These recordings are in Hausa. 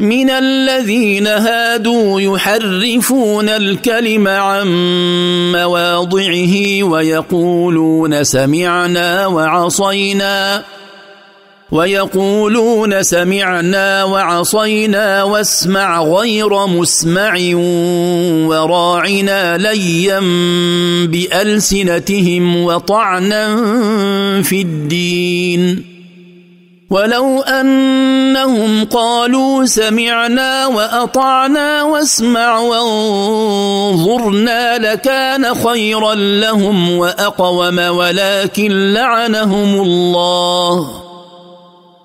من الذين هادوا يحرفون الكلم عن مواضعه ويقولون سمعنا وعصينا ويقولون سمعنا وعصينا واسمع غير مسمع وراعنا ليا بألسنتهم وطعنا في الدين ولو انهم قالوا سمعنا واطعنا واسمع وانظرنا لكان خيرا لهم واقوم ولكن لعنهم الله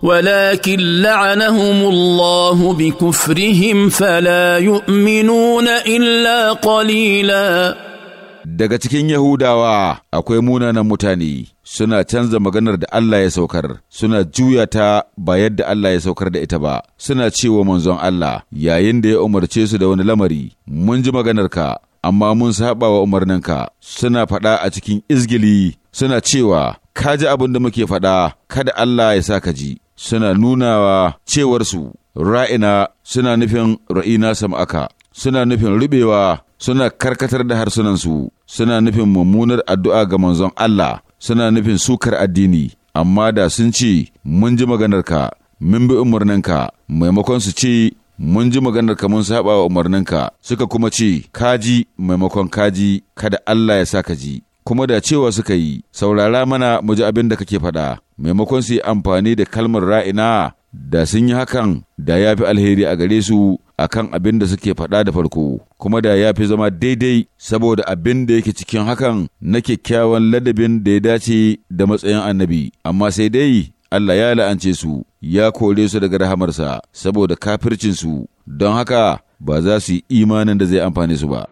ولكن لعنهم الله بكفرهم فلا يؤمنون الا قليلاً Daga cikin Yahudawa akwai munanan mutane suna canza maganar da Allah ya saukar, suna juya ta ba yadda Allah ya saukar da ita ba, suna cewa manzon Allah yayin da ya umarce su da wani lamari, mun ji maganarka, amma mun saba wa umarninka, suna faɗa a cikin izgili, suna cewa, ka ji abin da muke faɗa, kada Allah ya sa ka ji, suna nunawa cewarsu, ra'ina suna nufin ra'ina sam'aka, suna nufin rubewa suna karkatar da harsunansu suna nufin mummunar addu'a ga manzon Allah suna nufin sukar addini amma da sun ce mun ji maganarka mun bi umarninka maimakon su ce mun ji maganarka mun saba wa umarninka suka kuma ce kaji maimakon kaji kada Allah ya sa ka ji kuma da cewa suka yi saurara mana mu ji abin da kake faɗa maimakon su yi amfani da kalmar ra'ina da sun yi hakan da ya fi alheri a gare su a kan abin da suke faɗa da farko kuma da ya fi zama daidai saboda abin da yake cikin hakan na kyakkyawan ladabin da ya dace da matsayin annabi amma sai dai Allah ya la'ance su ya kore su daga rahamarsa saboda kafircinsu don haka ba za su yi imanin da zai amfane su ba.